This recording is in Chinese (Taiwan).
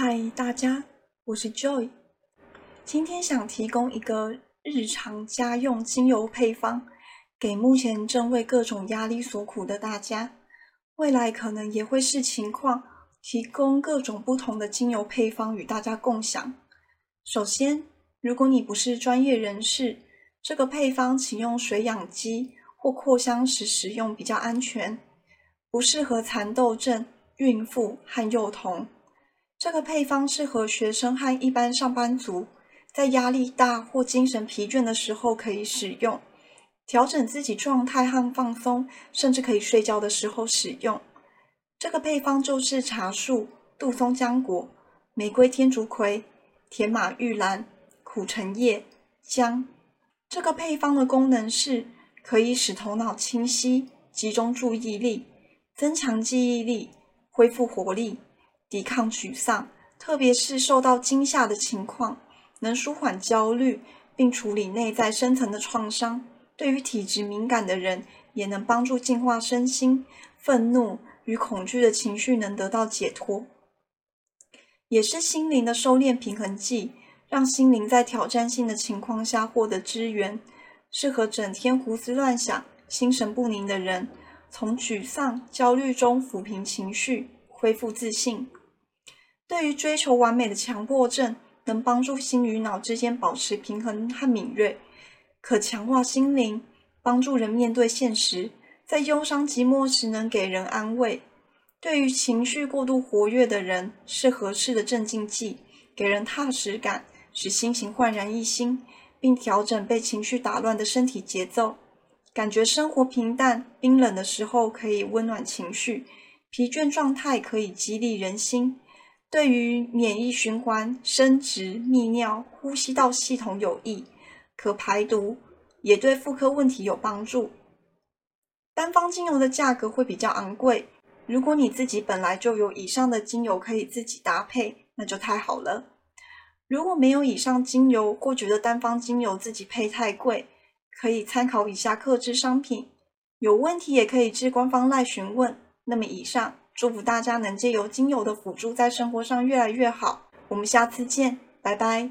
嗨，Hi, 大家，我是 Joy。今天想提供一個日常家用精油配方，給目前正為各種壓力所苦的大家。未來可能也會視情況提供各種不同的精油配方與大家共享。首先，如果你不是專業人士，這個配方請用水氧機或擴香時使用比較安全，不適合蠶豆症，孕婦和幼童。這個配方適合學生和一般上班族，在壓力大或精神疲倦的時候可以使用，調整自己狀態和放鬆，甚至可以睡覺的時候使用。這個配方就是茶樹、杜松漿果、玫瑰天竺葵、甜馬鬱蘭、苦橙葉、薑。這個配方的功能是可以使頭腦清晰、集中注意力、增強記憶力、恢復活力。抵抗沮喪，特別是受到驚嚇的情況，能舒緩焦慮，並處理內在深層的創傷。對於體質敏感的人，也能幫助淨化身心，憤怒與恐懼的情緒能得到解脫，也是心靈的收斂平衡劑，讓心靈在挑戰性的情況下獲得支援。適合整天胡思亂想、心神不寧的人，從沮喪、焦慮中撫平情緒，恢復自信。對於追求完美的強迫症，能幫助心與腦之間保持平衡和敏銳，可強化心靈，幫助人面對現實。在憂傷寂寞時，能給人安慰。對於情緒過度活躍的人，是合適的鎮靜劑，給人踏實感，使心情煥然一新，並調整被情緒打亂的身體節奏。感覺生活平淡、冰冷的時候，可以溫暖情緒；疲倦狀態可以激勵人心。對於免疫循環、生殖、泌尿、呼吸道系統有益，可排毒，也對婦科問題有幫助。單方精油的價格會比較昂貴，如果你自己本來就有以上的精油，可以自己搭配，那就太好了。如果沒有以上精油，或覺得單方精油自己配太貴，可以參考以下客製商品。有問題也可以至官方 line 詢問。那麼以上。祝福大家能借由精油的輔助，在生活上越來越好。我們下次見，拜拜。